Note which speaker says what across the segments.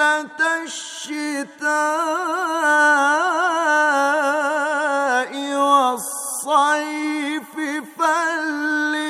Speaker 1: الشتاء والصيف فلي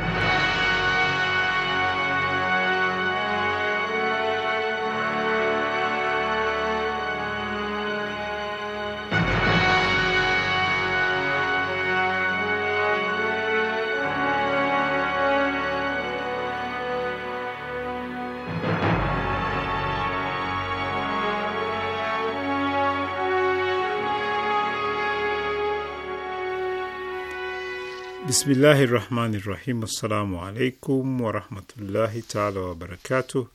Speaker 2: Bismillahi rahmani rahim. Assalamu alaikum warahmatullahi taala wabarakatuh.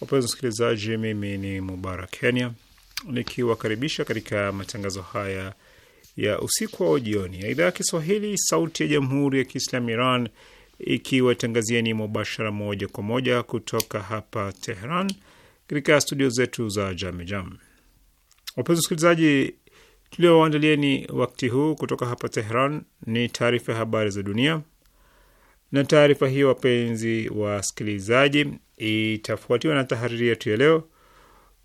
Speaker 2: Wapenzi msikilizaji mimi ni Mubarak Kenya nikiwakaribisha katika matangazo haya ya usiku wa jioni ya idhaa ya Kiswahili sauti ya jamhuri ya Kiislamu Iran ikiwatangazieni mubashara moja kwa moja kutoka hapa Tehran katika studio zetu za Jamejam. Wapenzi msikilizaji tuliowaandalieni wakati huu kutoka hapa Tehran ni taarifa ya habari za dunia, na taarifa hiyo, wapenzi wasikilizaji, itafuatiwa na tahariri yetu ya leo.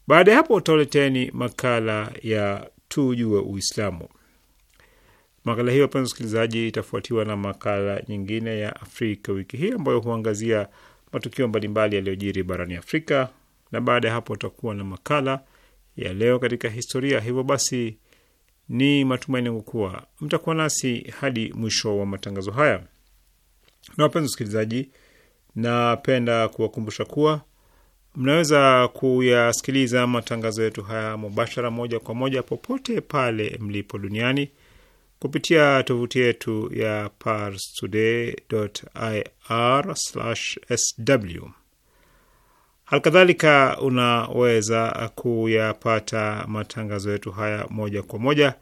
Speaker 2: Baada ya hapo, utaleteni makala ya tujue Uislamu. Makala hiyo, wapenzi wasikilizaji, itafuatiwa na makala nyingine ya Afrika wiki hii ambayo huangazia matukio mbalimbali yaliyojiri barani Afrika, na baada ya hapo utakuwa na makala ya leo katika historia. Hivyo basi ni matumaini yangu kuwa mtakuwa nasi hadi mwisho wa matangazo haya. Na wapenzi wasikilizaji, napenda kuwakumbusha kuwa mnaweza kuyasikiliza matangazo yetu haya mubashara, moja kwa moja, popote pale mlipo duniani kupitia tovuti yetu ya parstoday.ir/sw Halkadhalika, unaweza kuyapata matangazo yetu haya moja kwa moja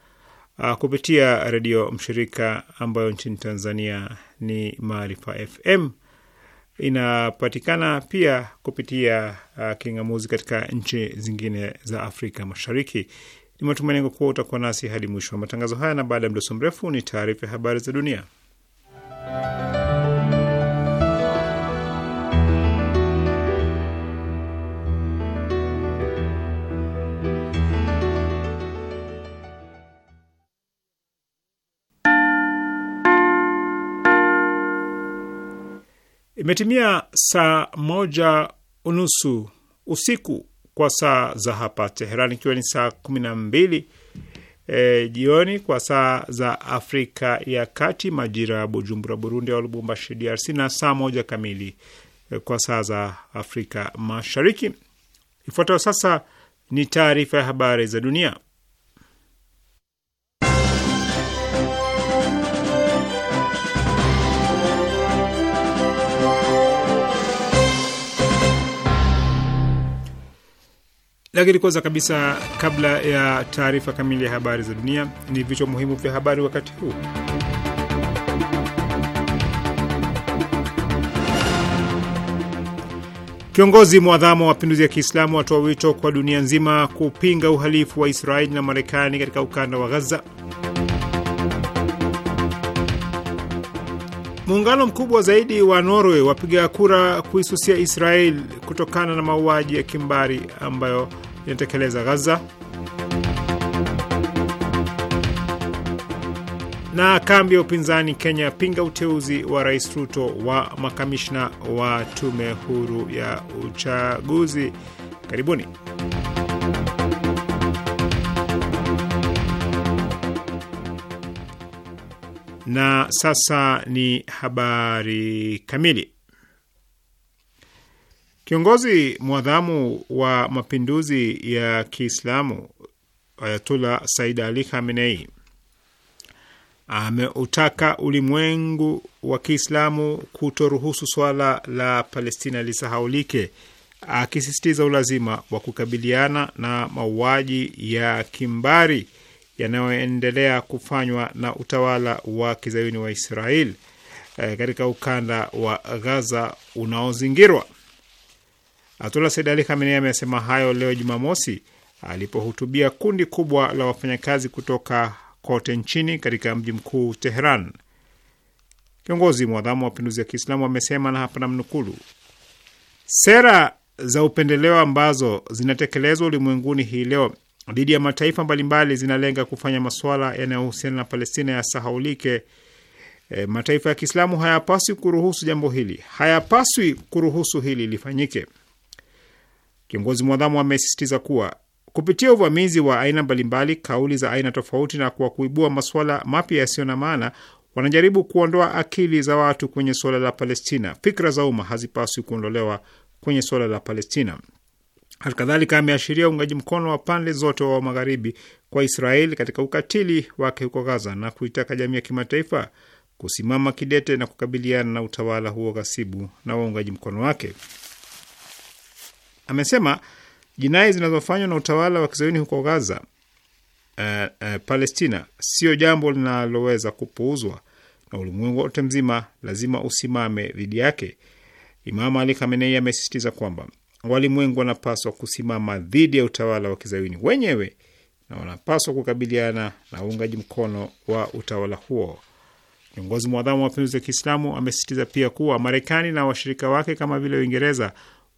Speaker 2: uh, kupitia redio mshirika ambayo nchini Tanzania ni Maarifa FM. Inapatikana pia kupitia uh, kingamuzi katika nchi zingine za Afrika Mashariki. Ni matumaini yangu kuwa utakuwa nasi hadi mwisho wa matangazo haya, na baada ya mdoso mrefu ni taarifa ya habari za dunia. Imetimia saa moja unusu usiku kwa saa za hapa Teheran, ikiwa ni saa kumi na mbili e, jioni kwa saa za Afrika ya Kati, majira ya Bujumbura Burundi au Lubumbashi DRC, na saa moja kamili e, kwa saa za Afrika Mashariki. Ifuatayo sasa ni taarifa ya habari za dunia. Lakini kwanza kabisa, kabla ya taarifa kamili ya habari za dunia, ni vichwa muhimu vya habari wakati huu. Kiongozi mwadhamu wa mapinduzi ya Kiislamu watoa wito kwa dunia nzima kupinga uhalifu wa Israeli na Marekani katika ukanda wa Gaza. Muungano mkubwa zaidi wa Norway wapiga kura kuisusia Israel kutokana na mauaji ya kimbari ambayo inatekeleza gaza na kambi ya upinzani Kenya yapinga uteuzi wa Rais Ruto wa makamishna wa tume huru ya uchaguzi. Karibuni. Na sasa ni habari kamili. Kiongozi mwadhamu wa mapinduzi ya Kiislamu Ayatullah Said Ali Khamenei ameutaka ulimwengu wa Kiislamu kutoruhusu swala la Palestina lisahaulike, akisisitiza ulazima wa kukabiliana na mauaji ya kimbari yanayoendelea kufanywa na utawala wa kizayuni wa Israel eh, katika ukanda wa Gaza unaozingirwa. Ayatullah Said Ali Khamenei amesema hayo leo Jumamosi alipohutubia kundi kubwa la wafanyakazi kutoka kote nchini katika mji mkuu Teheran. Kiongozi mwadhamu wa mapinduzi ya Kiislamu amesema na hapa namnukulu, sera za upendeleo ambazo zinatekelezwa ulimwenguni hii leo dhidi ya mataifa mbalimbali zinalenga kufanya masuala yanayohusiana na Palestina yasahaulike. E, mataifa ya Kiislamu hayapaswi kuruhusu jambo hili, hayapaswi kuruhusu hili lifanyike. Kiongozi mwadhamu amesisitiza kuwa kupitia uvamizi wa aina mbalimbali, kauli za aina tofauti na kwa kuibua masuala mapya yasiyo na maana, wanajaribu kuondoa akili za watu kwenye suala la Palestina. Fikra za umma hazipaswi kuondolewa kwenye suala la Palestina. Hali kadhalika ameashiria uungaji mkono wa pande zote wa magharibi kwa Israeli katika ukatili wake huko Gaza na kuitaka jamii ya kimataifa kusimama kidete na kukabiliana na utawala huo ghasibu na waungaji mkono wake amesema jinai zinazofanywa na utawala wa kizayuni huko Gaza, uh, uh, Palestina sio jambo linaloweza kupuuzwa na ulimwengu wote mzima lazima usimame dhidi yake. Imam Ali Khamenei amesisitiza kwamba walimwengu wanapaswa kusimama dhidi ya utawala wa kizayuni wenyewe na wanapaswa kukabiliana na uungaji mkono wa utawala huo. Kiongozi mwadhamu wa mapinduzi ya Kiislamu amesisitiza pia kuwa Marekani na washirika wake kama vile Uingereza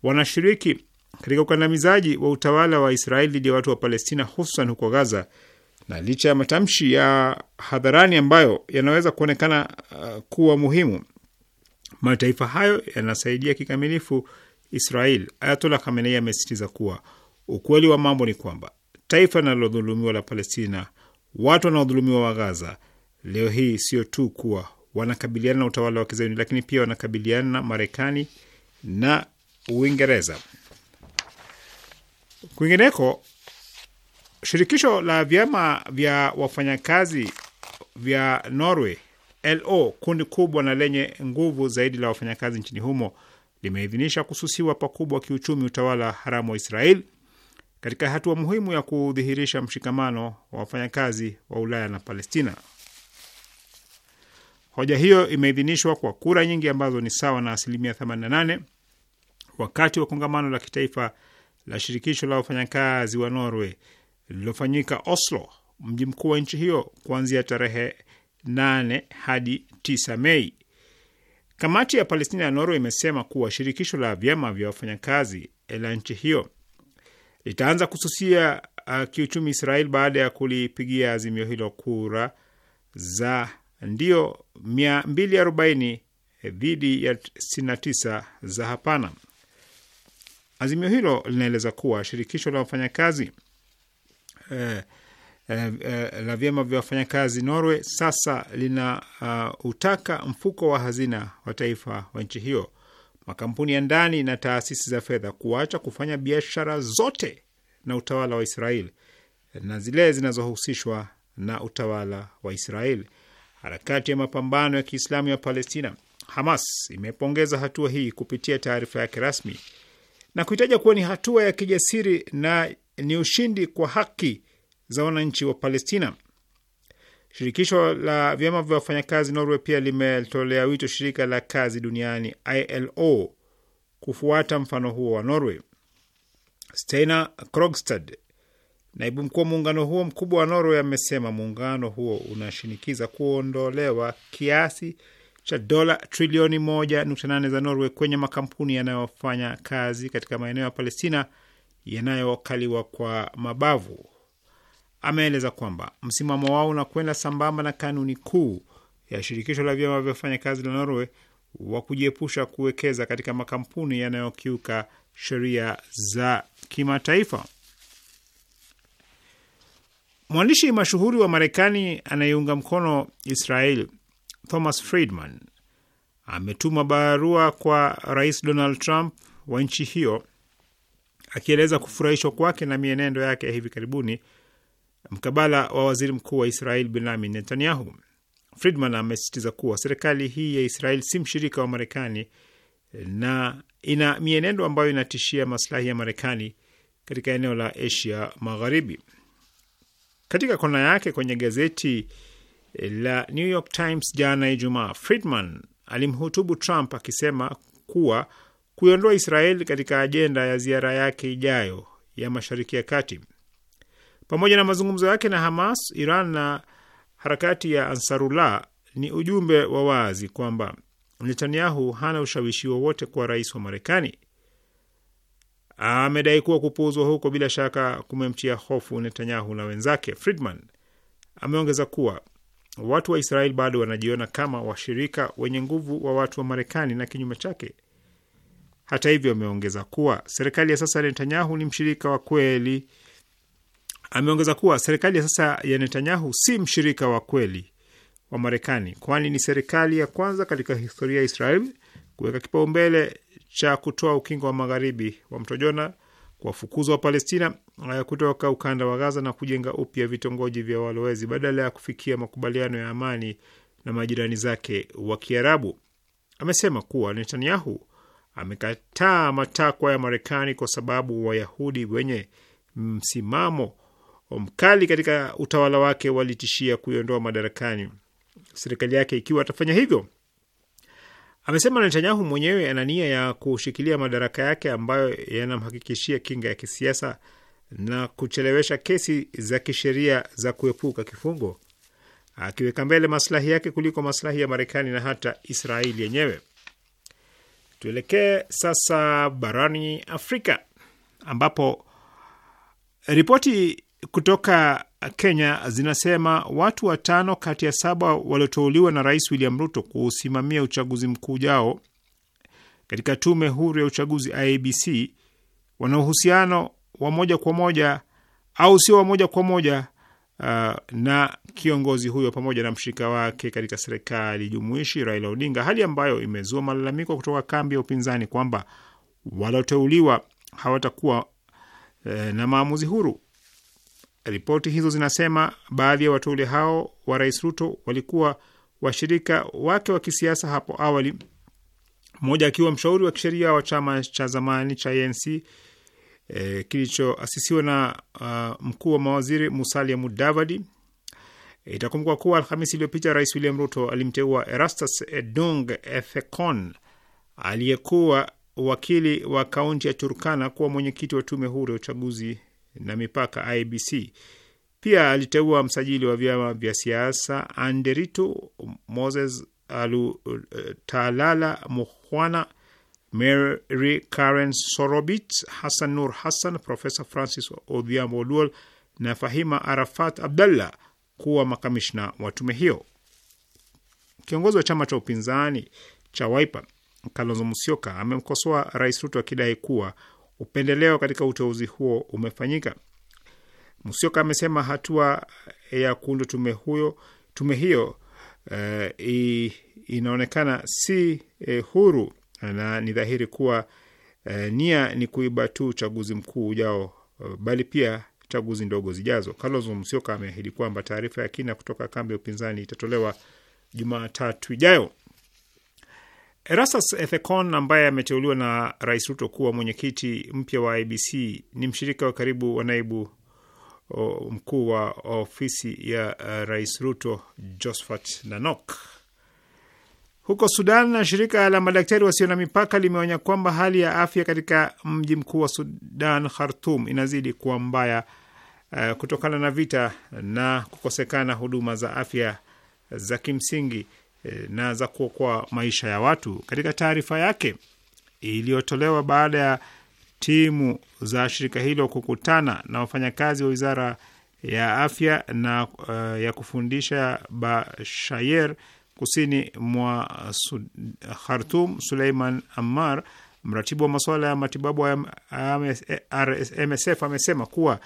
Speaker 2: wanashiriki katika ukandamizaji wa utawala wa Israeli dhidi ya watu wa Palestina, hususan huko Gaza. Na licha ya matamshi ya hadharani ambayo yanaweza kuonekana uh, kuwa muhimu, mataifa hayo yanasaidia kikamilifu Israel. Ayatollah Khamenei amesisitiza kuwa ukweli wa mambo ni kwamba taifa linalodhulumiwa la Palestina, watu wanaodhulumiwa wa Gaza leo hii sio tu kuwa wanakabiliana na utawala wa Kizayuni, lakini pia wanakabiliana na Marekani na Uingereza. Kwingineko, shirikisho la vyama vya wafanyakazi vya Norway LO, kundi kubwa na lenye nguvu zaidi la wafanyakazi nchini humo, limeidhinisha kususiwa pakubwa kiuchumi utawala haramu wa Israel katika hatua muhimu ya kudhihirisha mshikamano wa wafanyakazi wa Ulaya na Palestina. Hoja hiyo imeidhinishwa kwa kura nyingi ambazo ni sawa na asilimia 88 wakati wa kongamano la kitaifa la shirikisho la wafanyakazi wa Norway lililofanyika Oslo, mji mkuu wa nchi hiyo, kuanzia tarehe 8 hadi 9 Mei. Kamati ya Palestina ya Norway imesema kuwa shirikisho la vyama vya wafanyakazi la nchi hiyo litaanza kususia uh, kiuchumi Israel baada ya kulipigia azimio hilo kura za ndio 240 dhidi ya 69 za hapana. Azimio hilo linaeleza kuwa shirikisho la wafanyakazi eh, eh, eh, la vyama vya wafanyakazi Norway sasa lina uh, utaka mfuko wa hazina wa taifa wa nchi hiyo, makampuni ya ndani na taasisi za fedha kuacha kufanya biashara zote na utawala wa israel na zile zinazohusishwa na utawala wa israel Harakati ya mapambano ya Kiislamu ya Palestina Hamas imepongeza hatua hii kupitia taarifa yake rasmi na kuhitaja kuwa ni hatua ya kijasiri na ni ushindi kwa haki za wananchi wa Palestina. Shirikisho la vyama vya wafanyakazi Norway pia limetolea wito shirika la kazi duniani ILO kufuata mfano huo wa Norway. Steinar Krogstad, naibu mkuu wa muungano huo mkubwa wa Norway, amesema muungano huo unashinikiza kuondolewa kiasi cha dola trilioni 1.8 za Norway kwenye makampuni yanayofanya kazi katika maeneo ya Palestina yanayokaliwa kwa mabavu. Ameeleza kwamba msimamo wao unakwenda sambamba na kanuni kuu ya shirikisho la vyama vya wafanyakazi la Norway wa kujiepusha kuwekeza katika makampuni yanayokiuka sheria za kimataifa. Mwandishi mashuhuri wa Marekani anayeunga mkono Israel Thomas Friedman ametuma barua kwa Rais Donald Trump wa nchi hiyo akieleza kufurahishwa kwake na mienendo yake ya hivi karibuni mkabala wa waziri mkuu wa Israel Benjamin Netanyahu. Friedman amesisitiza kuwa serikali hii ya Israel si mshirika wa Marekani na ina mienendo ambayo inatishia maslahi ya Marekani katika eneo la Asia Magharibi. Katika kona yake kwenye gazeti la New York Times jana Ijumaa, Friedman alimhutubu Trump akisema kuwa kuiondoa Israel katika ajenda ya ziara yake ijayo ya Mashariki ya Kati pamoja na mazungumzo yake na Hamas, Iran na harakati ya Ansarullah ni ujumbe wa wazi kwamba Netanyahu hana ushawishi wowote kwa rais wa Marekani. Amedai kuwa kupuuzwa huko bila shaka kumemtia hofu Netanyahu na wenzake. Friedman ameongeza kuwa watu wa Israeli bado wanajiona kama washirika wenye nguvu wa watu wa Marekani na kinyume chake. Hata hivyo, ameongeza kuwa serikali ya sasa ya Netanyahu ni mshirika wa kweli. Ameongeza kuwa serikali ya sasa ya Netanyahu si mshirika wa kweli wa Marekani, kwani ni serikali ya kwanza katika historia ya Israeli kuweka kipaumbele cha kutoa ukingo wa magharibi wa mto Jona, kuwafukuza Wapalestina Eh, kutoka ukanda wa Gaza na kujenga upya vitongoji vya walowezi badala ya kufikia makubaliano ya amani na majirani zake wa Kiarabu. Amesema kuwa Netanyahu amekataa matakwa ya Marekani kwa sababu Wayahudi wenye msimamo mkali katika utawala wake walitishia kuiondoa madarakani serikali yake ikiwa atafanya hivyo. Amesema Netanyahu mwenyewe ana nia ya kushikilia madaraka yake ambayo yanamhakikishia kinga ya kisiasa na kuchelewesha kesi za kisheria za kuepuka kifungo, akiweka mbele maslahi yake kuliko maslahi ya Marekani na hata Israeli yenyewe. Tuelekee sasa barani Afrika ambapo ripoti kutoka Kenya zinasema watu watano kati ya saba walioteuliwa na Rais William Ruto kusimamia uchaguzi mkuu ujao katika tume huru ya uchaguzi IEBC wana uhusiano wa moja kwa moja au sio wa moja kwa moja uh, na kiongozi huyo pamoja na mshirika wake katika serikali jumuishi Raila Odinga, hali ambayo imezua malalamiko kutoka kambi ya upinzani kwamba walioteuliwa hawatakuwa uh, na maamuzi huru. Ripoti hizo zinasema baadhi ya wateule hao wa Rais Ruto walikuwa washirika wake wa kisiasa hapo awali, mmoja akiwa mshauri wa kisheria wa chama cha zamani cha ANC e, kilichoasisiwa na uh, mkuu wa mawaziri Musalia Mudavadi. E, itakumbukwa kuwa Alhamisi iliyopita Rais William Ruto alimteua Erastus Edung Ethekon aliyekuwa wakili wa kaunti ya Turkana kuwa mwenyekiti wa tume huru ya uchaguzi na mipaka IBC. Pia aliteua msajili wa vyama vya siasa Anderito Moses Alutalala Muhwana Mary Karen Sorobit, Hassan Nur Hassan, Profesa Francis Odhiambo Oluol na Fahima Arafat Abdallah kuwa makamishna wa tume hiyo. Kiongozi wa chama cha upinzani cha Wiper Kalonzo Musyoka amemkosoa Rais Ruto akidai kuwa upendeleo katika uteuzi huo umefanyika. Musyoka amesema hatua ya kuundwa tume huyo tume hiyo uh, i, inaonekana si eh, huru na ni dhahiri kuwa e, nia ni kuiba tu uchaguzi mkuu ujao, eh, bali pia chaguzi ndogo zijazo. Carlos Musyoka ameahidi kwamba taarifa ya kina kutoka kambi ya upinzani itatolewa Jumatatu ijayo. Erastus Ethekon ambaye ameteuliwa na Rais Ruto kuwa mwenyekiti mpya wa IBC ni mshirika wa karibu wa naibu mkuu wa ofisi ya eh, Rais Ruto Josphat Nanok. Huko Sudan na shirika la madaktari wasio na mipaka limeonya kwamba hali ya afya katika mji mkuu wa Sudan, Khartum, inazidi kuwa mbaya uh, kutokana na vita na kukosekana huduma za afya za kimsingi eh, na za kuokoa maisha ya watu. Katika taarifa yake iliyotolewa baada ya timu za shirika hilo kukutana na wafanyakazi wa wizara ya afya na uh, ya kufundisha Bashayer kusini mwa Khartum, Suleiman Ammar, mratibu wa masuala ya matibabu wa MSF, amesema kuwa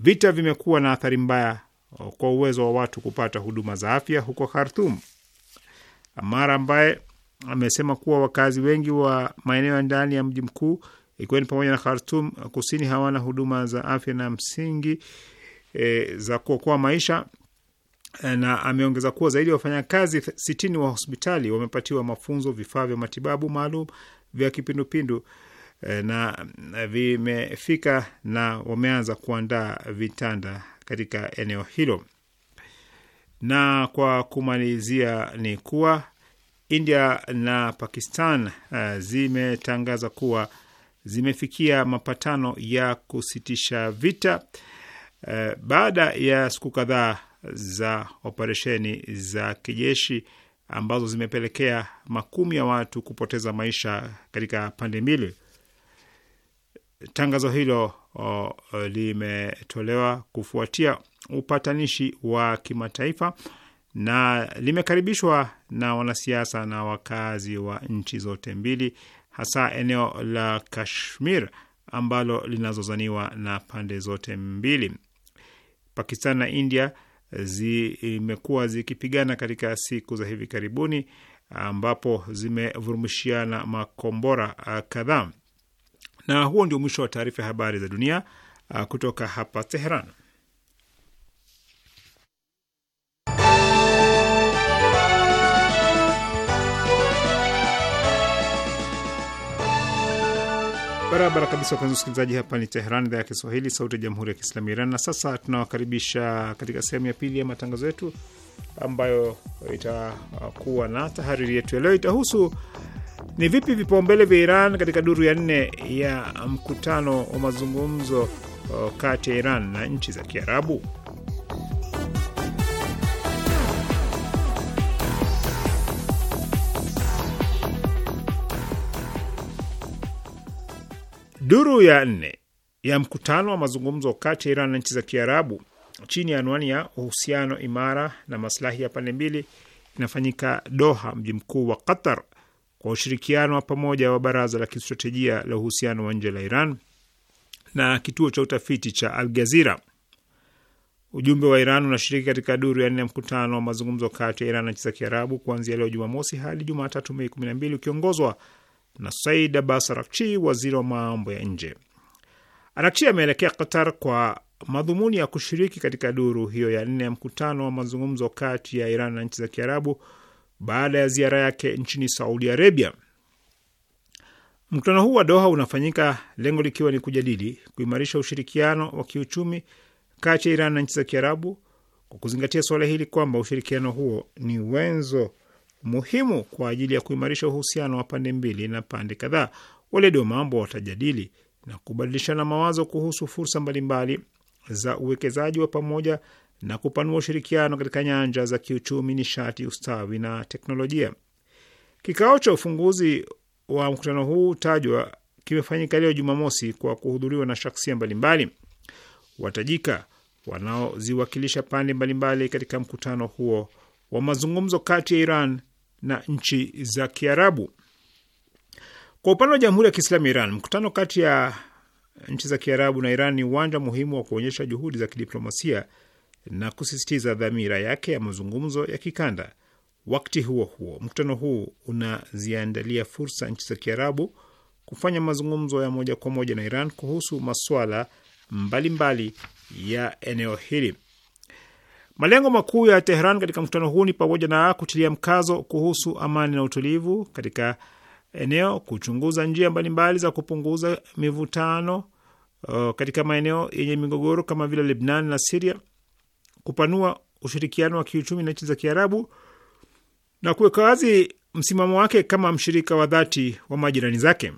Speaker 2: vita vimekuwa na athari mbaya uh, kwa uwezo wa watu kupata huduma za afya huko Khartum. Ammar ambaye amesema kuwa wakazi wengi wa maeneo ya ndani ya mji mkuu ikiwa ni pamoja na Khartum kusini hawana huduma za afya na msingi e, za kuokoa maisha na ameongeza kuwa zaidi ya wafanyakazi sitini wa hospitali wamepatiwa mafunzo, vifaa vya matibabu maalum vya kipindupindu eh, na vimefika na wameanza kuandaa vitanda katika eneo hilo. Na kwa kumalizia ni kuwa India na Pakistan eh, zimetangaza kuwa zimefikia mapatano ya kusitisha vita eh, baada ya siku kadhaa za operesheni za kijeshi ambazo zimepelekea makumi ya watu kupoteza maisha katika pande mbili. Tangazo hilo o, limetolewa kufuatia upatanishi wa kimataifa na limekaribishwa na wanasiasa na wakazi wa nchi zote mbili, hasa eneo la Kashmir ambalo linazozaniwa na pande zote mbili. Pakistan na India zimekuwa zikipigana katika siku za hivi karibuni, ambapo zimevurumishiana makombora uh, kadhaa. Na huo ndio mwisho wa taarifa ya habari za dunia uh, kutoka hapa Teheran. Barabara kabisa, wapenzi wasikilizaji, hapa ni Teheran, idhaa ya Kiswahili, sauti ya jamhuri ya kiislamu ya Iran. Na sasa tunawakaribisha katika sehemu ya pili ya matangazo yetu ambayo itakuwa na tahariri yetu ya leo. Itahusu ni vipi vipaumbele vya Iran katika duru ya nne ya mkutano wa mazungumzo uh, kati ya Iran na nchi za Kiarabu. Duru ya nne ya mkutano wa mazungumzo kati ya Iran na nchi za Kiarabu chini ya anwani ya uhusiano imara na maslahi ya pande mbili inafanyika Doha, mji mkuu wa Qatar, kwa ushirikiano wa pamoja wa Baraza la Kistratejia la Uhusiano wa Nje la Iran na kituo cha utafiti cha Al gazira Ujumbe wa Iran unashiriki katika duru ya nne ya mkutano wa mazungumzo kati ya Iran na nchi za Kiarabu kuanzia leo Jumamosi hadi Jumatatu Mei 12 ukiongozwa na Said Abbas Arakchi, waziri wa mambo ya nje. Arakchi ameelekea Qatar kwa madhumuni ya kushiriki katika duru hiyo ya nne ya mkutano wa mazungumzo kati ya Iran na nchi za Kiarabu baada ya ziara yake nchini Saudi Arabia. Mkutano huu wa Doha unafanyika lengo likiwa ni kujadili kuimarisha ushirikiano wa kiuchumi kati ya Iran na nchi za Kiarabu, kwa kuzingatia suala hili kwamba ushirikiano huo ni wenzo muhimu kwa ajili ya kuimarisha uhusiano wa pande mbili na pande kadhaa. Weledi wa mambo watajadili na kubadilishana mawazo kuhusu fursa mbalimbali za uwekezaji wa pamoja na kupanua ushirikiano katika nyanja za kiuchumi, nishati, ustawi na teknolojia. Kikao cha ufunguzi wa mkutano huu tajwa kimefanyika leo Jumamosi kwa kuhudhuriwa na shaksia mbalimbali watajika wanaoziwakilisha pande mbalimbali katika mkutano huo wa mazungumzo kati ya Iran na nchi za Kiarabu. Kwa upande wa Jamhuri ya Kiislamu ya Iran, mkutano kati ya nchi za Kiarabu na Iran ni uwanja muhimu wa kuonyesha juhudi za kidiplomasia na kusisitiza dhamira yake ya mazungumzo ya kikanda. Wakati huo huo, mkutano huu unaziandalia fursa nchi za Kiarabu kufanya mazungumzo ya moja kwa moja na Iran kuhusu maswala mbalimbali mbali ya eneo hili. Malengo makuu ya Tehran katika mkutano huu ni pamoja na kutilia mkazo kuhusu amani na utulivu katika eneo, kuchunguza njia mbalimbali za kupunguza mivutano uh, katika maeneo yenye migogoro kama vile Lebnan na Siria, kupanua ushirikiano wa kiuchumi na nchi za Kiarabu na kuweka wazi msimamo wake kama mshirika wa dhati wa majirani zake.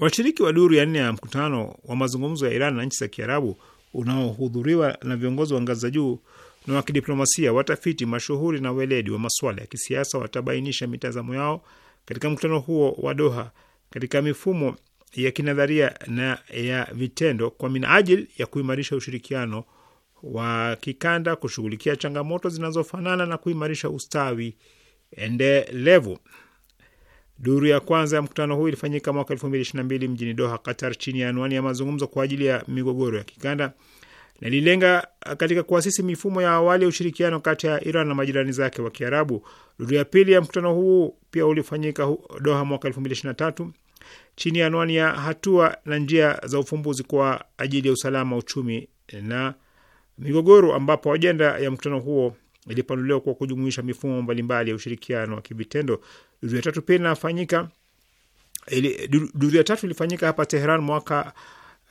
Speaker 2: Washiriki wa duru ya nne ya mkutano wa mazungumzo ya Iran na nchi za Kiarabu unaohudhuriwa na viongozi wa ngazi za juu na wa kidiplomasia, watafiti mashuhuri na weledi wa masuala ya kisiasa watabainisha mitazamo yao katika mkutano huo wa Doha katika mifumo ya kinadharia na ya vitendo kwa minajili ya kuimarisha ushirikiano wa kikanda, kushughulikia changamoto zinazofanana na kuimarisha ustawi endelevu. Duru ya kwanza ya mkutano huu ilifanyika mwaka 2022 mjini Doha, Qatar, chini ya anwani ya mazungumzo kwa ajili ya migogoro ya kikanda na ililenga katika kuasisi mifumo ya awali ya ushirikiano kati ya Iran na majirani zake wa Kiarabu. Duru ya pili ya mkutano huu pia ulifanyika Doha mwaka 2023 chini ya anwani ya hatua na njia za ufumbuzi kwa ajili ya usalama, uchumi na migogoro, ambapo ajenda ya mkutano huo ilipanuliwa kwa kujumuisha mifumo mbalimbali ya ushirikiano wa kivitendo. Duru ya tatu pia inafanyika ili, duru ya tatu ilifanyika hapa Teheran mwaka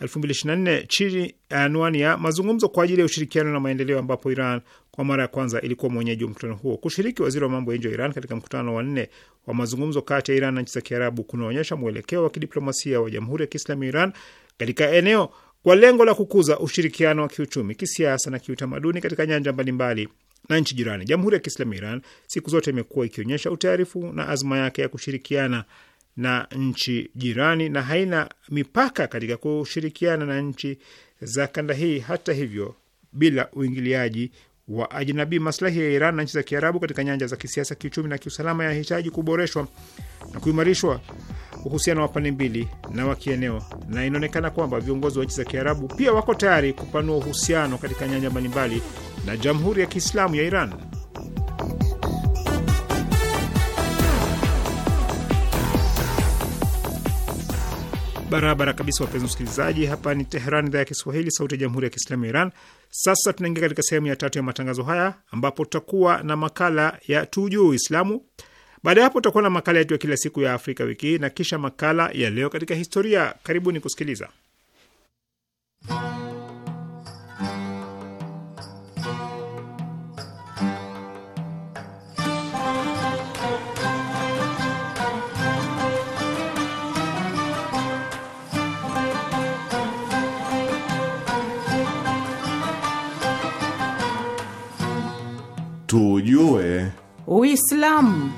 Speaker 2: 2024 chini ya anwani ya mazungumzo kwa ajili ya ushirikiano na maendeleo, ambapo Iran kwa mara ya kwanza ilikuwa mwenyeji wa mkutano huo. Kushiriki waziri wa mambo ya nje wa Iran katika mkutano wa nne wa mazungumzo kati ya Iran na nchi za Kiarabu kunaonyesha mwelekeo wa kidiplomasia wa Jamhuri ya Kiislamu ya Iran katika eneo kwa lengo la kukuza ushirikiano wa kiuchumi, kisiasa na kiutamaduni katika nyanja mbalimbali na nchi jirani. Jamhuri ya Kiislamu ya Iran siku zote imekuwa ikionyesha utayarifu na azma yake ya kushirikiana na nchi jirani na haina mipaka katika kushirikiana na nchi za kanda hii, hata hivyo bila uingiliaji wa ajnabi. Maslahi ya Iran na nchi za Kiarabu katika nyanja za kisiasa, kiuchumi na kiusalama yanahitaji kuboreshwa na kuimarishwa uhusiano wa pande mbili na wa kieneo, na inaonekana kwamba viongozi wa nchi za Kiarabu pia wako tayari kupanua uhusiano katika nyanja mbalimbali na Jamhuri ya Kiislamu ya Iran. Barabara kabisa, wapenzi msikilizaji, hapa ni Teheran, idhaa ya Kiswahili, sauti ya jamhuri ya kiislamu ya Iran. Sasa tunaingia katika sehemu ya tatu ya matangazo haya ambapo tutakuwa na makala ya tujuu Uislamu. Baada ya hapo, tutakuwa na makala yetu ya kila siku ya Afrika wiki hii na kisha makala ya leo katika historia. Karibuni kusikiliza
Speaker 3: Tujue
Speaker 2: Uislamu.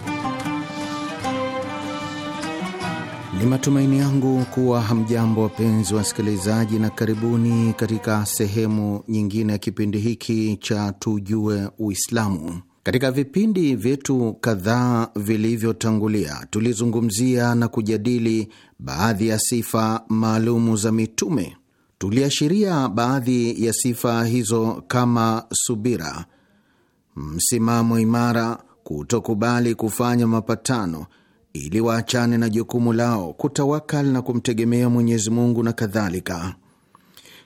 Speaker 3: Ni matumaini
Speaker 4: yangu kuwa hamjambo wapenzi wasikilizaji, na karibuni katika sehemu nyingine ya kipindi hiki cha Tujue Uislamu. Katika vipindi vyetu kadhaa vilivyotangulia, tulizungumzia na kujadili baadhi ya sifa maalumu za mitume. Tuliashiria baadhi ya sifa hizo kama subira msimamo imara, kutokubali kufanya mapatano ili waachane na jukumu lao, kutawakal na kumtegemea Mwenyezi Mungu na kadhalika.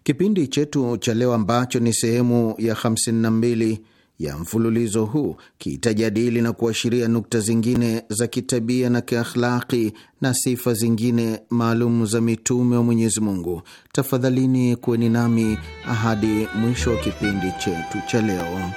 Speaker 4: Kipindi chetu cha leo ambacho ni sehemu ya 52 ya mfululizo huu kitajadili na kuashiria nukta zingine za kitabia na kiakhlaki na sifa zingine maalum za mitume wa Mwenyezi Mungu. Tafadhalini kuweni nami ahadi mwisho wa kipindi chetu cha leo.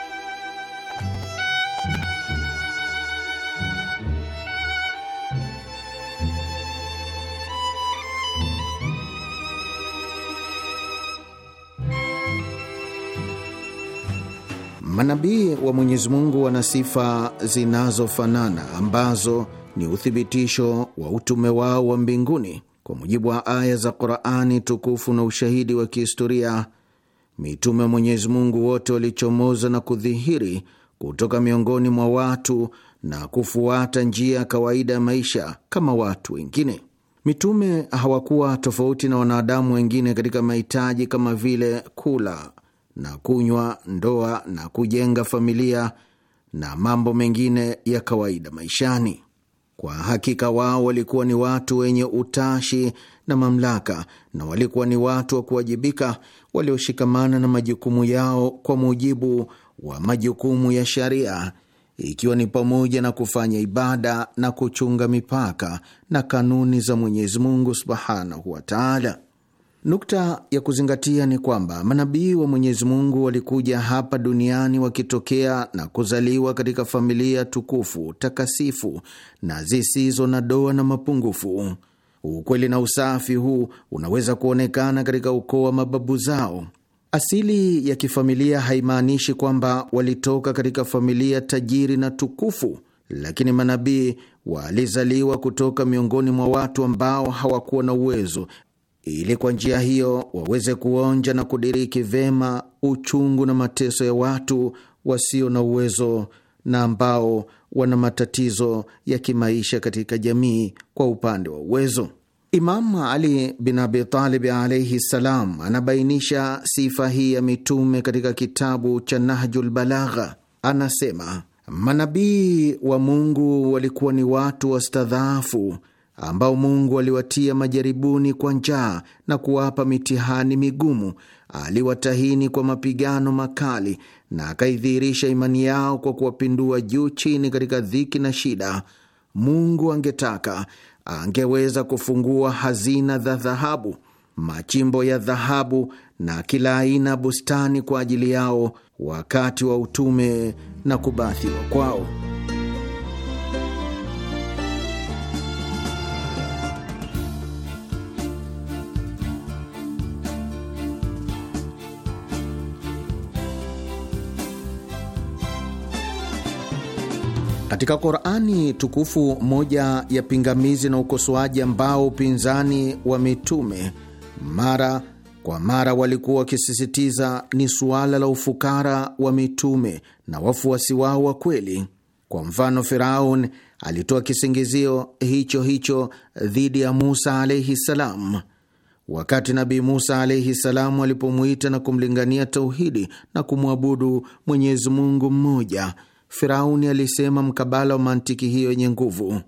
Speaker 4: Manabii wa Mwenyezi Mungu wana sifa zinazofanana ambazo ni uthibitisho wa utume wao wa mbinguni. Kwa mujibu wa aya za Qur'ani tukufu na ushahidi wa kihistoria, mitume wa Mwenyezi Mungu wote walichomoza na kudhihiri kutoka miongoni mwa watu na kufuata njia ya kawaida ya maisha kama watu wengine. Mitume hawakuwa tofauti na wanadamu wengine katika mahitaji kama vile kula na kunywa, ndoa na kujenga familia na mambo mengine ya kawaida maishani. Kwa hakika wao walikuwa ni watu wenye utashi na mamlaka, na walikuwa ni watu wa kuwajibika walioshikamana na majukumu yao kwa mujibu wa majukumu ya sharia ikiwa ni pamoja na kufanya ibada na kuchunga mipaka na kanuni za Mwenyezi Mungu subhanahu wa taala. Nukta ya kuzingatia ni kwamba manabii wa Mwenyezi Mungu walikuja hapa duniani wakitokea na kuzaliwa katika familia tukufu, takasifu na zisizo na doa na mapungufu. Ukweli na usafi huu unaweza kuonekana katika ukoo wa mababu zao. Asili ya kifamilia haimaanishi kwamba walitoka katika familia tajiri na tukufu, lakini manabii walizaliwa kutoka miongoni mwa watu ambao hawakuwa na uwezo, ili kwa njia hiyo waweze kuonja na kudiriki vema uchungu na mateso ya watu wasio na uwezo na ambao wana matatizo ya kimaisha katika jamii kwa upande wa uwezo. Imam Ali bin Abi Talib alaihi ssalam anabainisha sifa hii ya mitume katika kitabu cha Nahjul Balagha. Anasema manabii wa Mungu walikuwa ni watu wastadhaafu ambao Mungu aliwatia majaribuni kwa njaa na kuwapa mitihani migumu. Aliwatahini kwa mapigano makali na akaidhihirisha imani yao kwa kuwapindua juu chini katika dhiki na shida. Mungu angetaka angeweza kufungua hazina za dhahabu, machimbo ya dhahabu na kila aina bustani kwa ajili yao wakati wa utume na kubathiwa kwao. Katika Qurani tukufu, moja ya pingamizi na ukosoaji ambao upinzani wa mitume mara kwa mara walikuwa wakisisitiza ni suala la ufukara wa mitume na wafuasi wao wa kweli. Kwa mfano, Firaun alitoa kisingizio hicho hicho dhidi ya Musa alaihi salam, wakati Nabii Musa alaihi salam alipomwita na kumlingania tauhidi na kumwabudu Mwenyezi Mungu mmoja Firauni alisema mkabala wa mantiki hiyo yenye nguvu,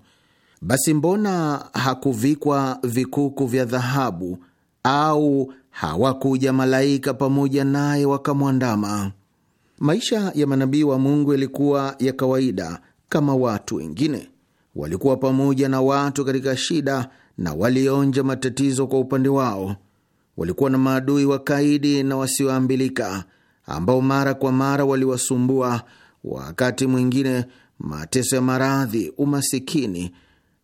Speaker 4: basi mbona hakuvikwa vikuku vya dhahabu au hawakuja malaika pamoja naye wakamwandama? Maisha ya manabii wa Mungu yalikuwa ya kawaida kama watu wengine. Walikuwa pamoja na watu katika shida na walionja matatizo kwa upande wao. Walikuwa na maadui wakaidi na wasioambilika ambao mara kwa mara waliwasumbua wakati mwingine mateso ya maradhi, umasikini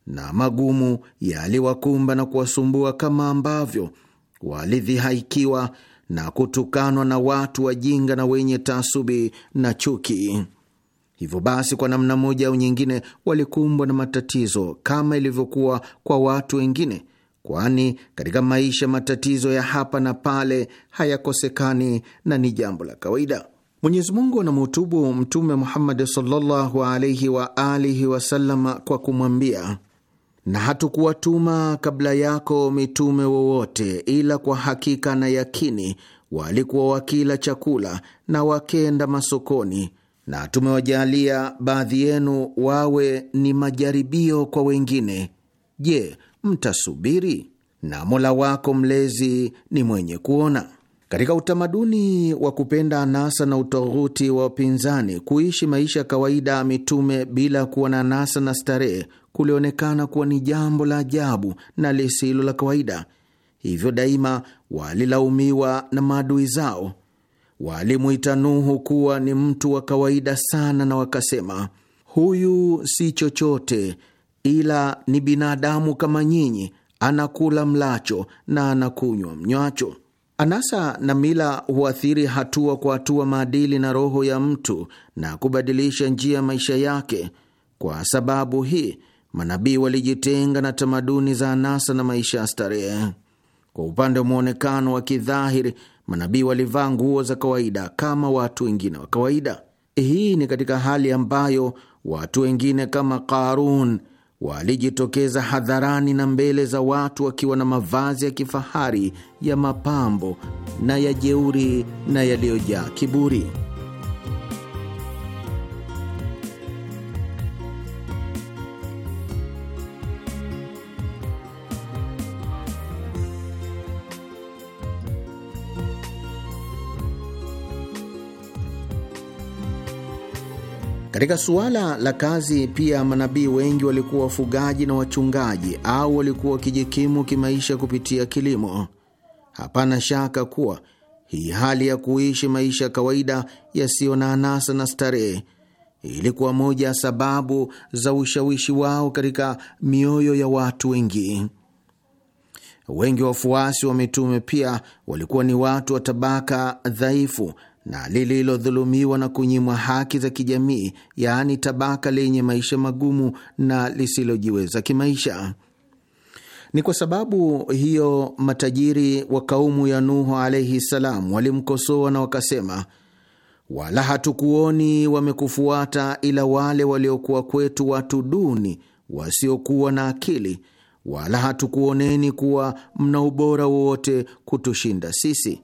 Speaker 4: na magumu yaliwakumba na kuwasumbua, kama ambavyo walidhihaikiwa na kutukanwa na watu wajinga na wenye taasubi na chuki. Hivyo basi, kwa namna moja au nyingine, walikumbwa na matatizo kama ilivyokuwa kwa watu wengine, kwani katika maisha matatizo ya hapa na pale hayakosekani na ni jambo la kawaida. Mwenyezi Mungu anamhutubu Mtume Muhammad sallallahu alaihi wa alihi wasallam kwa kumwambia, na hatukuwatuma kabla yako mitume wowote ila kwa hakika na yakini walikuwa wakila chakula na wakenda masokoni, na tumewajalia baadhi yenu wawe ni majaribio kwa wengine. Je, mtasubiri? Na Mola wako mlezi ni mwenye kuona. Katika utamaduni wa kupenda anasa na utoghuti wa wapinzani, kuishi maisha ya kawaida ya mitume bila kuwa na anasa na starehe kulionekana kuwa ni jambo la ajabu na lisilo la kawaida. Hivyo daima walilaumiwa na maadui zao. Walimwita Nuhu kuwa ni mtu wa kawaida sana, na wakasema, huyu si chochote ila ni binadamu kama nyinyi, anakula mlacho na anakunywa mnywacho. Anasa na mila huathiri hatua kwa hatua maadili na roho ya mtu na kubadilisha njia ya maisha yake. Kwa sababu hii, manabii walijitenga na tamaduni za anasa na maisha ya starehe. Kwa upande wa mwonekano wa kidhahiri, manabii walivaa nguo za kawaida kama watu wengine wa kawaida. Hii ni katika hali ambayo watu wengine kama Karun walijitokeza hadharani na mbele za watu wakiwa na mavazi ya kifahari ya mapambo na ya jeuri na yaliyojaa kiburi. Katika suala la kazi pia, manabii wengi walikuwa wafugaji na wachungaji au walikuwa wakijikimu kimaisha kupitia kilimo. Hapana shaka kuwa hii hali ya kuishi maisha ya kawaida yasiyo na anasa na starehe ilikuwa moja ya sababu za ushawishi wao katika mioyo ya watu wengi. Wengi wa wafuasi wa mitume pia walikuwa ni watu wa tabaka dhaifu na lililodhulumiwa na kunyimwa haki za kijamii, yaani tabaka lenye maisha magumu na lisilojiweza kimaisha. Ni kwa sababu hiyo matajiri wa kaumu ya Nuhu alaihi salam walimkosoa na wakasema, wala hatukuoni wamekufuata ila wale waliokuwa kwetu watu duni wasiokuwa na akili, wala hatukuoneni kuwa mna ubora wowote kutushinda sisi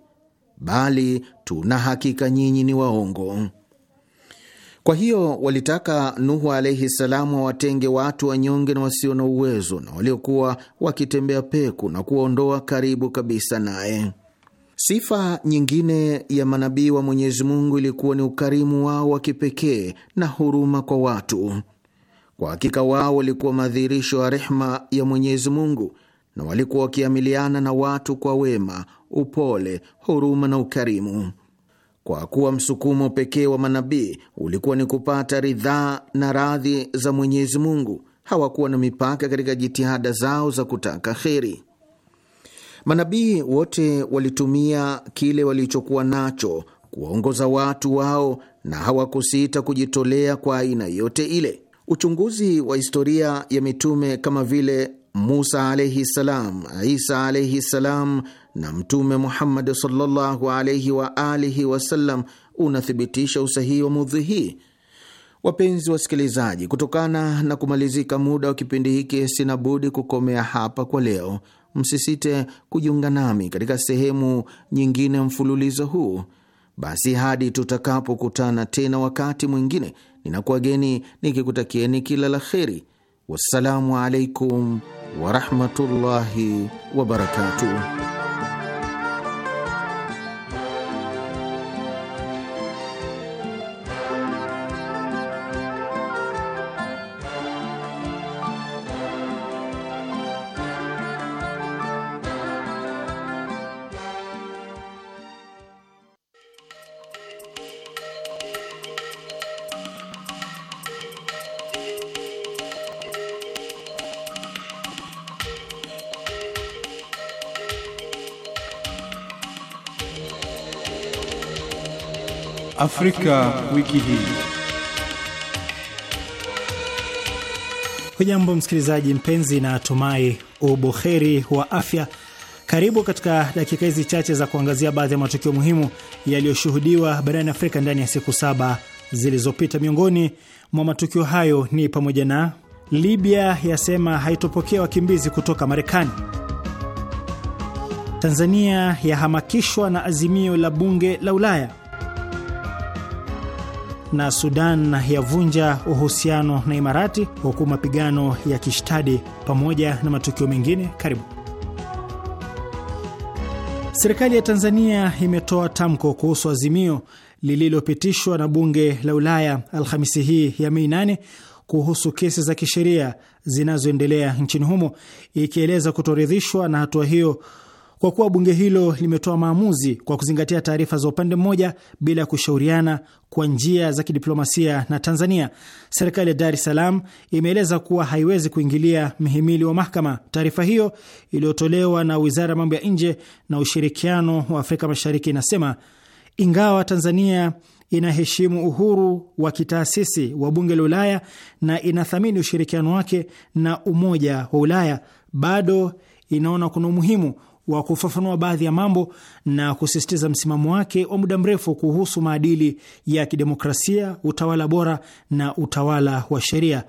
Speaker 4: bali tuna hakika nyinyi ni waongo. Kwa hiyo walitaka Nuhu alaihi salamu wawatenge watu wanyonge na wasio na uwezo na waliokuwa wakitembea peku na kuwaondoa karibu kabisa naye. Sifa nyingine ya manabii wa Mwenyezi Mungu ilikuwa ni ukarimu wao wa kipekee na huruma kwa watu. Kwa hakika wao walikuwa madhihirisho ya rehma ya Mwenyezi Mungu na walikuwa wakiamiliana na watu kwa wema, upole, huruma na ukarimu. Kwa kuwa msukumo pekee wa manabii ulikuwa ni kupata ridhaa na radhi za Mwenyezi Mungu, hawakuwa na mipaka katika jitihada zao za kutaka kheri. Manabii wote walitumia kile walichokuwa nacho kuwaongoza watu wao na hawakusita kujitolea kwa aina yote ile. Uchunguzi wa historia ya mitume kama vile Musa alaihi salam Isa alaihi salam na Mtume Muhammad sallallahu alaihi wa alihi wasallam unathibitisha usahihi wa mudhi hii. Wapenzi wasikilizaji, kutokana na kumalizika muda wa kipindi hiki, sina budi kukomea hapa kwa leo. Msisite kujiunga nami katika sehemu nyingine ya mfululizo huu. Basi hadi tutakapokutana tena wakati mwingine, ninakuwageni nikikutakieni kila la kheri. Wassalamu alaikum ورحمه الله وبركاته
Speaker 3: Afrika wiki hii.
Speaker 5: Hujambo msikilizaji mpenzi, na tumai ubuheri wa afya. Karibu katika dakika hizi chache za kuangazia baadhi ya matukio muhimu yaliyoshuhudiwa barani Afrika ndani ya siku saba zilizopita. Miongoni mwa matukio hayo ni pamoja na Libya yasema haitopokea wakimbizi kutoka Marekani, Tanzania yahamakishwa na azimio la bunge la Ulaya, na Sudan yavunja uhusiano na Imarati, huku mapigano ya kishtadi pamoja na matukio mengine. Karibu. Serikali ya Tanzania imetoa tamko kuhusu azimio lililopitishwa na bunge la Ulaya Alhamisi hii ya Mei 8 kuhusu kesi za kisheria zinazoendelea nchini humo, ikieleza kutoridhishwa na hatua hiyo kwa kuwa bunge hilo limetoa maamuzi kwa kuzingatia taarifa za upande mmoja bila ya kushauriana kwa njia za kidiplomasia na Tanzania. Serikali ya Dar es Salaam imeeleza kuwa haiwezi kuingilia mhimili wa mahakama. Taarifa hiyo iliyotolewa na Wizara ya Mambo ya Nje na Ushirikiano wa Afrika Mashariki inasema ingawa Tanzania inaheshimu uhuru wa kitaasisi wa bunge la Ulaya na inathamini ushirikiano wake na Umoja wa Ulaya, bado inaona kuna umuhimu wa kufafanua baadhi ya mambo na kusisitiza msimamo wake wa muda mrefu kuhusu maadili ya kidemokrasia, utawala bora na utawala wa sheria.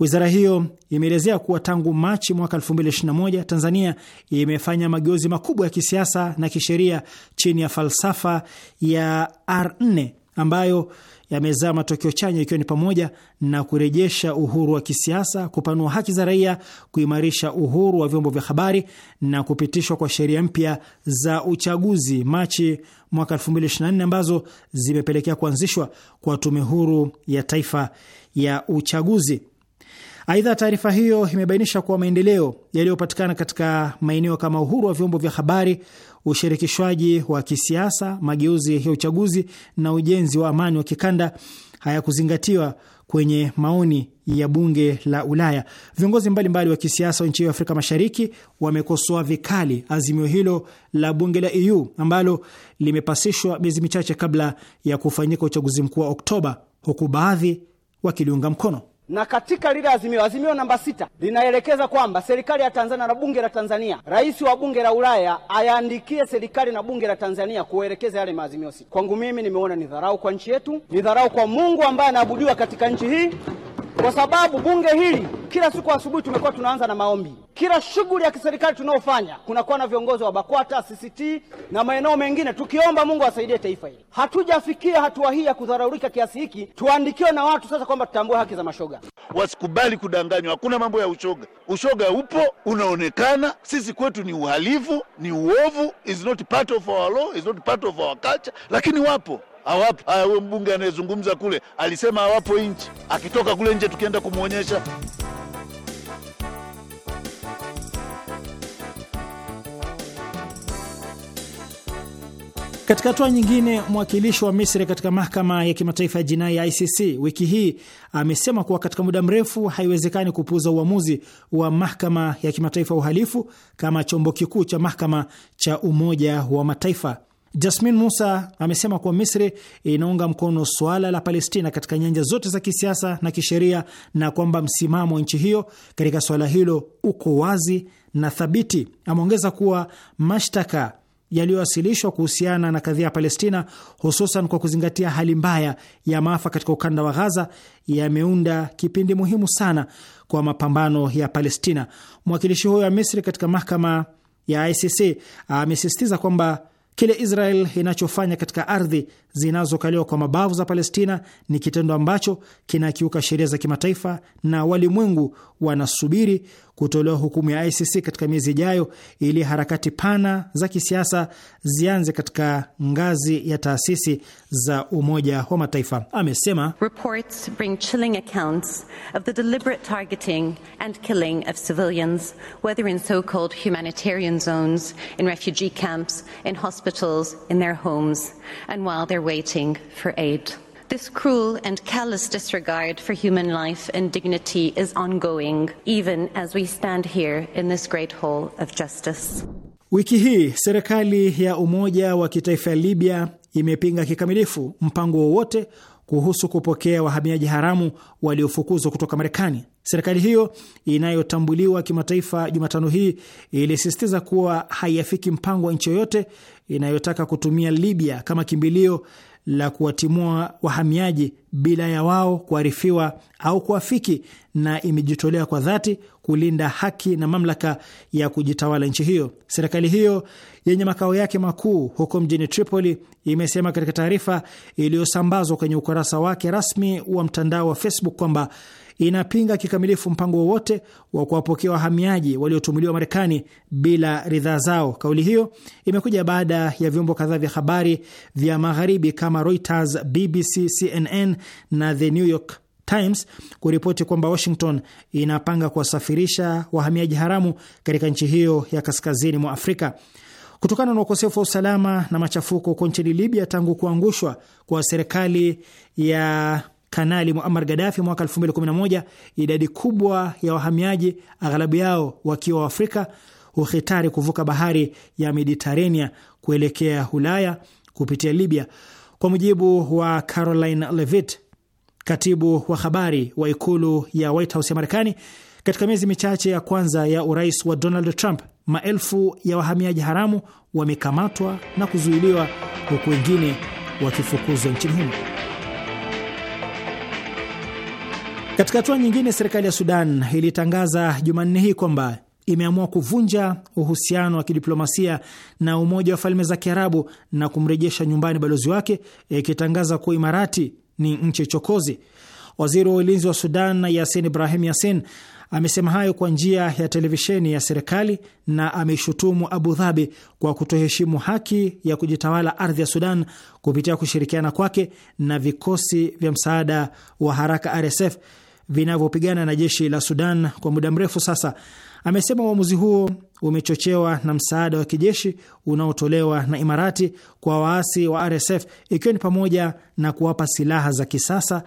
Speaker 5: Wizara hiyo imeelezea kuwa tangu Machi mwaka 2021 Tanzania imefanya mageuzi makubwa ya kisiasa na kisheria chini ya falsafa ya R4 ambayo yamezaa matokeo chanya ikiwa ni pamoja na kurejesha uhuru wa kisiasa, kupanua haki za raia, kuimarisha uhuru wa vyombo vya habari na kupitishwa kwa sheria mpya za uchaguzi Machi mwaka 2024 ambazo zimepelekea kuanzishwa kwa tume huru ya taifa ya uchaguzi. Aidha, taarifa hiyo imebainisha kuwa maendeleo yaliyopatikana katika maeneo kama uhuru wa vyombo vya habari, ushirikishwaji wa kisiasa, mageuzi ya uchaguzi na ujenzi wa amani wa kikanda hayakuzingatiwa kwenye maoni ya bunge la Ulaya. Viongozi mbalimbali wa kisiasa wa nchi hiyo ya Afrika Mashariki wamekosoa vikali azimio hilo la bunge la EU ambalo limepasishwa miezi michache kabla ya kufanyika uchaguzi mkuu wa Oktoba, huku baadhi wakiliunga mkono na katika lile azimio, azimio namba sita linaelekeza kwamba serikali ya Tanzania na bunge la Tanzania, rais wa bunge la Ulaya ayaandikie serikali na bunge la Tanzania kuelekeza yale maazimio sita. Kwangu mimi nimeona ni dharau kwa nchi yetu, ni dharau kwa Mungu ambaye anaabudiwa katika nchi hii kwa sababu bunge hili kila siku asubuhi tumekuwa tunaanza na maombi. Kila shughuli ya kiserikali tunayofanya kunakuwa na viongozi wa BAKWATA, CCT na maeneo mengine, tukiomba Mungu asaidie taifa hili.
Speaker 4: Hatujafikia hatua hii ya kudharaulika kiasi hiki, tuandikiwe na watu sasa kwamba tutambue haki za mashoga.
Speaker 3: Wasikubali kudanganywa, hakuna mambo ya ushoga. Ushoga upo, unaonekana, sisi kwetu ni uhalifu, ni uovu, is not part of our law, is not part of our culture, lakini wapo hawapa huyo mbunge anayezungumza kule alisema awapo nchi, akitoka kule nje tukienda kumwonyesha
Speaker 5: Katika hatua nyingine, mwakilishi wa Misri katika mahakama ya kimataifa ya jinai ya ICC wiki hii amesema kuwa katika muda mrefu haiwezekani kupuuza uamuzi wa mahakama ya kimataifa ya uhalifu kama chombo kikuu cha mahakama cha Umoja wa Mataifa. Jasmin Musa amesema kuwa Misri inaunga mkono suala la Palestina katika nyanja zote za kisiasa na kisheria na kwamba msimamo wa nchi hiyo katika suala hilo uko wazi na thabiti. Ameongeza kuwa mashtaka yaliyowasilishwa kuhusiana na kadhia ya Palestina, hususan kwa kuzingatia hali mbaya ya maafa katika ukanda wa Ghaza, yameunda kipindi muhimu sana kwa mapambano ya Palestina. Mwakilishi huyo wa Misri katika mahakama ya ICC amesisitiza kwamba Kile Israel inachofanya katika ardhi zinazokaliwa kwa mabavu za Palestina ni kitendo ambacho kinakiuka sheria za kimataifa na walimwengu wanasubiri kutolewa hukumu ya ICC katika miezi ijayo, ili harakati pana za kisiasa zianze katika ngazi ya taasisi za Umoja wa Mataifa, amesema.
Speaker 2: Reports bring chilling accounts of the deliberate targeting and killing of civilians whether in so-called humanitarian zones, in refugee camps, in hospitals, in their homes and while they're waiting for aid. This cruel and callous disregard for human life and dignity is ongoing, even as we stand here in this great hall of justice.
Speaker 5: Wiki hii serikali ya Umoja wa Kitaifa ya Libya imepinga kikamilifu mpango wowote kuhusu kupokea wahamiaji haramu waliofukuzwa kutoka Marekani. Serikali hiyo inayotambuliwa kimataifa Jumatano hii ilisisitiza kuwa haiafiki mpango wa nchi yoyote inayotaka kutumia Libya kama kimbilio la kuwatimua wahamiaji bila ya wao kuarifiwa au kuafiki, na imejitolea kwa dhati kulinda haki na mamlaka ya kujitawala nchi hiyo. Serikali hiyo yenye makao yake makuu huko mjini Tripoli imesema katika taarifa iliyosambazwa kwenye ukurasa wake rasmi wa mtandao wa Facebook kwamba inapinga kikamilifu mpango wowote wa kuwapokea wahamiaji waliotumuliwa Marekani bila ridhaa zao. Kauli hiyo imekuja baada ya vyombo kadhaa vya habari vya magharibi kama Reuters, BBC, CNN na The New York Times kuripoti kwamba Washington inapanga kuwasafirisha wahamiaji haramu katika nchi hiyo ya kaskazini mwa Afrika. Kutokana na ukosefu wa usalama na machafuko huko nchini Libya tangu kuangushwa kwa serikali ya Kanali Muammar Gaddafi mwaka 2011, idadi kubwa ya wahamiaji, aghalabu yao wakiwa Waafrika, huhitari kuvuka bahari ya Mediterania kuelekea Ulaya kupitia Libya. Kwa mujibu wa Caroline Levitt, katibu wa habari wa ikulu ya White House ya Marekani, katika miezi michache ya kwanza ya urais wa Donald Trump, maelfu ya wahamiaji haramu wamekamatwa na kuzuiliwa, huku wengine wakifukuzwa nchini humo. Katika hatua nyingine, serikali ya Sudan ilitangaza Jumanne hii kwamba imeamua kuvunja uhusiano wa kidiplomasia na Umoja wa Falme za Kiarabu na kumrejesha nyumbani balozi wake, ikitangaza kuwa Imarati ni nchi chokozi. Waziri wa ulinzi wa Sudan Yasin Ibrahim Yasin amesema hayo kwa njia ya televisheni ya serikali na ameishutumu Abu Dhabi kwa kutoheshimu haki ya kujitawala ardhi ya Sudan kupitia kushirikiana kwake na vikosi vya msaada wa haraka RSF vinavyopigana na jeshi la Sudan kwa muda mrefu sasa. Amesema uamuzi huo umechochewa na msaada wa kijeshi unaotolewa na Imarati kwa waasi wa RSF, ikiwa ni pamoja na kuwapa silaha za kisasa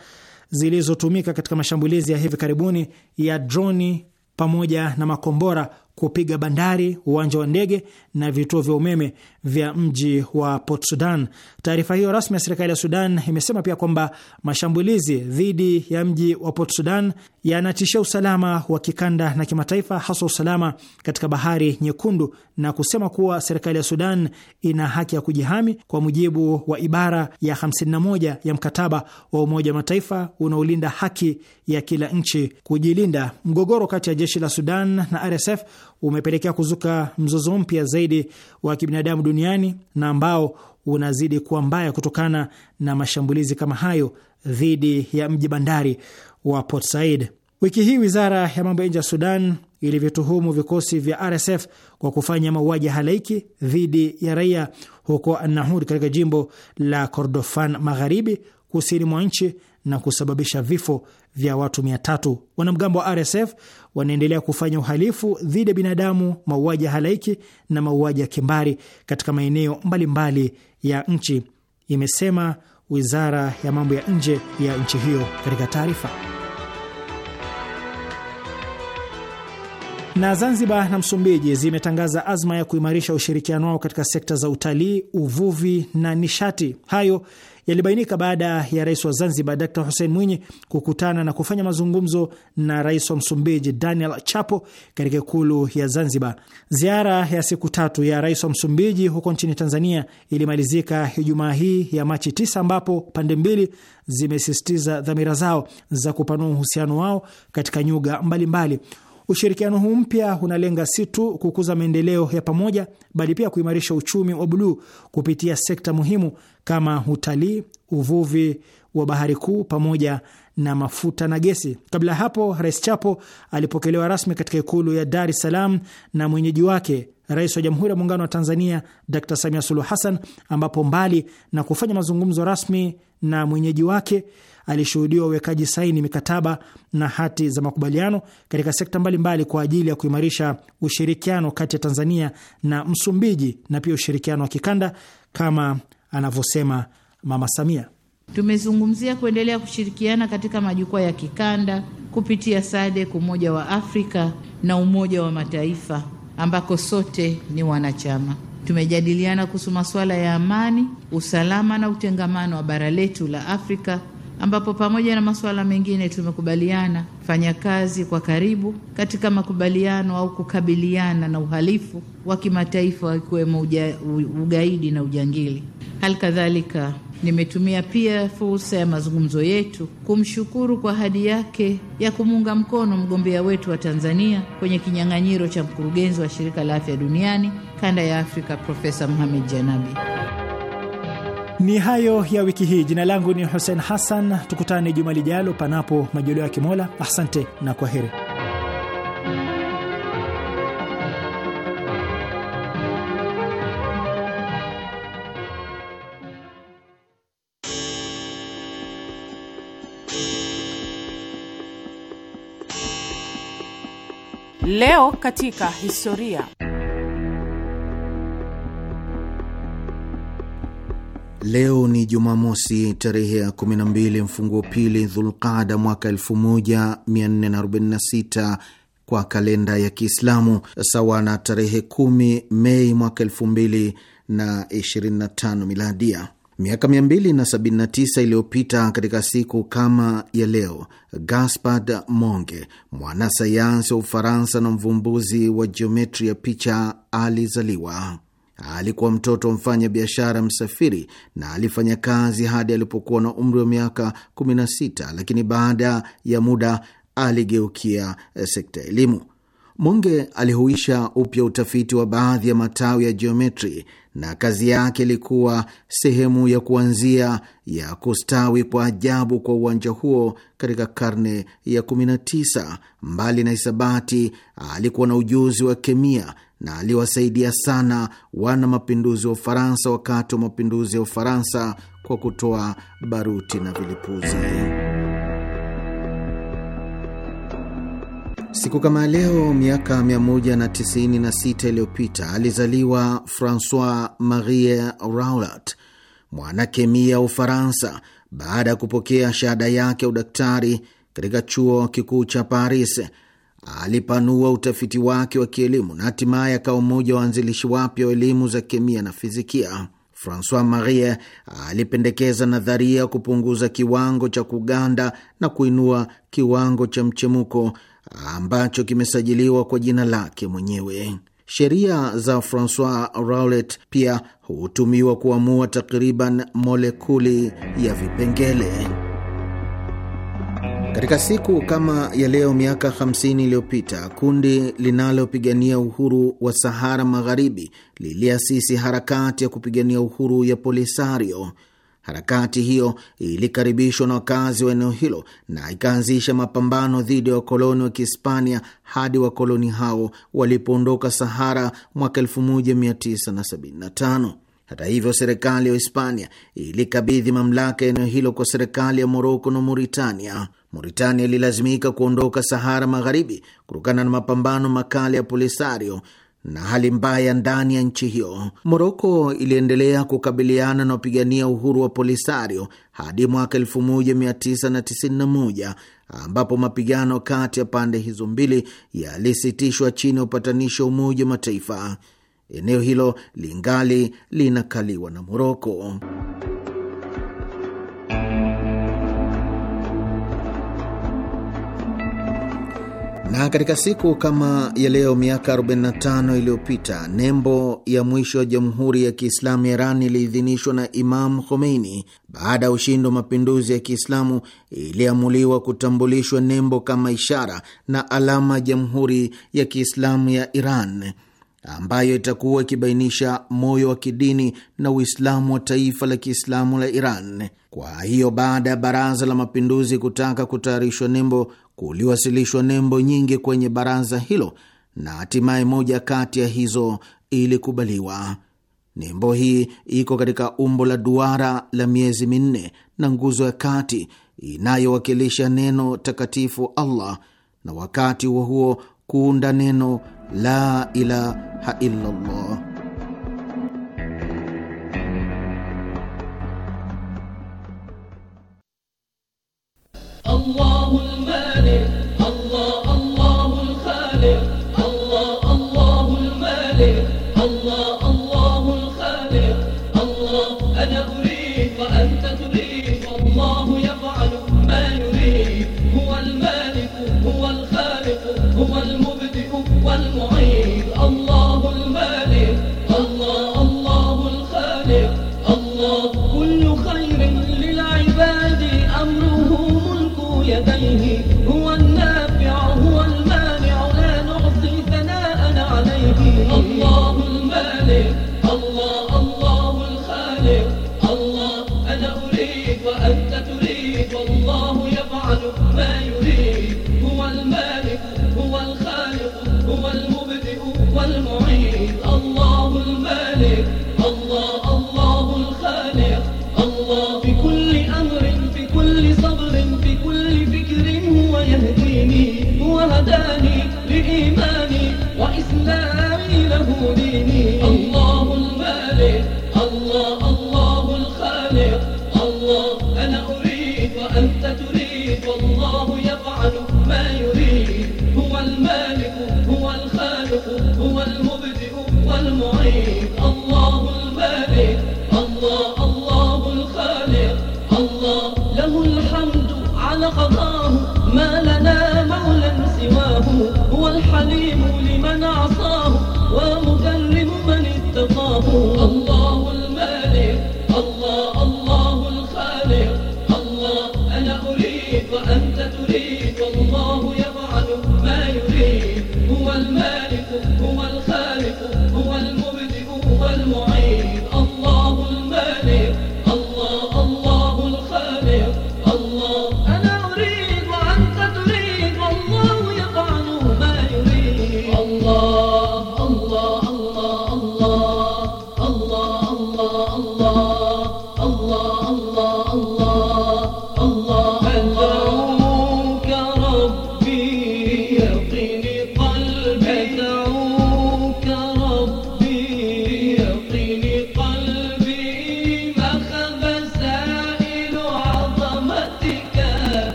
Speaker 5: zilizotumika katika mashambulizi ya hivi karibuni ya droni pamoja na makombora kupiga bandari, uwanja wa ndege na vituo vya umeme vya mji wa Port Sudan. Taarifa hiyo rasmi ya serikali ya Sudan imesema pia kwamba mashambulizi dhidi ya mji wa Port Sudan yanatishia usalama wa kikanda na kimataifa, hasa usalama katika bahari Nyekundu, na kusema kuwa serikali ya Sudan ina haki ya kujihami kwa mujibu wa ibara ya 51 ya mkataba wa Umoja wa Mataifa unaolinda haki ya kila nchi kujilinda. Mgogoro kati ya jeshi la Sudan na RSF umepelekea kuzuka mzozo mpya zaidi wa kibinadamu duniani na ambao unazidi kuwa mbaya kutokana na mashambulizi kama hayo dhidi ya mji bandari wa Port Said. Wiki hii wizara ya mambo ya nje ya Sudan ilivyotuhumu vikosi vya RSF kwa kufanya mauaji halaiki dhidi ya raia huko Annahud katika jimbo la Kordofan Magharibi, kusini mwa nchi na kusababisha vifo vya watu mia tatu. Wanamgambo wa RSF wanaendelea kufanya uhalifu dhidi ya binadamu, mauaji ya halaiki na mauaji ya kimbari katika maeneo mbalimbali ya nchi, imesema wizara ya mambo ya nje ya nchi hiyo katika taarifa. Na Zanzibar na Msumbiji zimetangaza azma ya kuimarisha ushirikiano wao katika sekta za utalii, uvuvi na nishati. Hayo yalibainika baada ya rais wa Zanzibar Dr Hussein Mwinyi kukutana na kufanya mazungumzo na rais wa Msumbiji Daniel Chapo katika ikulu ya Zanzibar. Ziara ya siku tatu ya rais wa Msumbiji huko nchini Tanzania ilimalizika Ijumaa hii ya Machi 9 ambapo pande mbili zimesisitiza dhamira zao za kupanua uhusiano wao katika nyuga mbalimbali mbali. Ushirikiano huu mpya unalenga si tu kukuza maendeleo ya pamoja, bali pia kuimarisha uchumi wa buluu kupitia sekta muhimu kama utalii, uvuvi wa bahari kuu pamoja na mafuta na gesi. Kabla ya hapo, Rais Chapo alipokelewa rasmi katika ikulu ya Dar es Salaam na mwenyeji wake Rais wa Jamhuri ya Muungano wa Tanzania Dr Samia Suluhu Hassan, ambapo mbali na kufanya mazungumzo rasmi na mwenyeji wake alishuhudiwa uwekaji saini mikataba na hati za makubaliano katika sekta mbalimbali kwa ajili ya kuimarisha ushirikiano kati ya Tanzania na Msumbiji na pia ushirikiano wa kikanda kama anavyosema Mama Samia.
Speaker 2: Tumezungumzia kuendelea kushirikiana katika majukwaa ya kikanda kupitia SADC, Umoja wa Afrika na Umoja wa Mataifa ambako sote ni wanachama. Tumejadiliana kuhusu masuala ya amani, usalama na utengamano wa bara letu la Afrika ambapo pamoja na masuala mengine tumekubaliana kufanya kazi kwa karibu katika makubaliano au kukabiliana na uhalifu wa kimataifa ikiwemo ugaidi na ujangili. Hali kadhalika nimetumia pia fursa ya mazungumzo yetu kumshukuru kwa ahadi yake ya kumuunga mkono mgombea wetu wa Tanzania kwenye kinyang'anyiro cha mkurugenzi wa shirika la afya duniani
Speaker 5: kanda ya Afrika, Profesa Mohamed Janabi. Ni hayo ya wiki hii. Jina langu ni Hussein Hassan, tukutane juma lijalo, panapo majaliwa ya Kimola. Asante na kwa
Speaker 2: heri.
Speaker 3: Leo katika historia
Speaker 4: Leo ni Jumamosi, tarehe ya 12 mfunguo pili Dhulqada mwaka 1446 kwa kalenda ya Kiislamu, sawa na tarehe 10 Mei mwaka 2025 miladia. Miaka 279 iliyopita katika siku kama ya leo, Gaspard Monge, mwanasayansi wa Ufaransa na mvumbuzi wa jiometri ya picha, alizaliwa. Alikuwa mtoto mfanya biashara msafiri na alifanya kazi hadi alipokuwa na umri wa miaka 16, lakini baada ya muda aligeukia eh, sekta ya elimu. Monge alihuisha upya utafiti wa baadhi ya matawi ya jiometri na kazi yake ilikuwa sehemu ya kuanzia ya kustawi kwa ajabu kwa uwanja huo katika karne ya 19. Mbali na hisabati, alikuwa na ujuzi wa kemia na aliwasaidia sana wana mapinduzi wa Ufaransa wakati wa mapinduzi ya Ufaransa kwa kutoa baruti na vilipuzi. Siku kama leo miaka 196 iliyopita alizaliwa Francois Marie Raoult, mwanakemia wa Ufaransa, baada ya kupokea shahada yake ya udaktari katika chuo kikuu cha Paris alipanua utafiti wake wa kielimu na hatimaye akawa mmoja wa waanzilishi wapya wa elimu za kemia na fizikia. Francois Marie alipendekeza nadharia kupunguza kiwango cha kuganda na kuinua kiwango cha mchemuko ambacho kimesajiliwa kwa jina lake mwenyewe. Sheria za Francois Roulet pia hutumiwa kuamua takriban molekuli ya vipengele. Katika siku kama ya leo miaka 50 iliyopita kundi linalopigania uhuru wa Sahara Magharibi liliasisi harakati ya kupigania uhuru ya Polisario. Harakati hiyo ilikaribishwa na wakazi wa eneo hilo na ikaanzisha mapambano dhidi ya wakoloni wa Kihispania hadi wakoloni hao walipoondoka Sahara mwaka 1975. Hata hivyo, serikali ya Hispania ilikabidhi mamlaka ya eneo hilo kwa serikali ya Moroko na Mauritania. Mauritania ililazimika kuondoka Sahara Magharibi kutokana na mapambano makali ya Polisario na hali mbaya ndani ya nchi hiyo. Moroko iliendelea kukabiliana na wapigania uhuru wa Polisario hadi mwaka 1991 ambapo mapigano kati ya pande hizo mbili yalisitishwa chini ya upatanishi wa Umoja wa Mataifa eneo hilo lingali linakaliwa na Moroko. Na katika siku kama ya leo miaka 45 iliyopita nembo ya mwisho ya Jamhuri ya Kiislamu ya Iran iliidhinishwa na Imam Khomeini. Baada ya ushindi wa mapinduzi ya Kiislamu, iliamuliwa kutambulishwa nembo kama ishara na alama ya Jamhuri ya Kiislamu ya Iran ambayo itakuwa ikibainisha moyo wa kidini na Uislamu wa taifa la Kiislamu la Iran. Kwa hiyo, baada ya Baraza la Mapinduzi kutaka kutayarishwa nembo, kuliwasilishwa nembo nyingi kwenye baraza hilo na hatimaye moja kati ya hizo ilikubaliwa. Nembo hii iko katika umbo la duara la miezi minne na nguzo ya kati inayowakilisha neno takatifu Allah, na wakati huo huo kuunda neno لا اله الا الله
Speaker 6: الله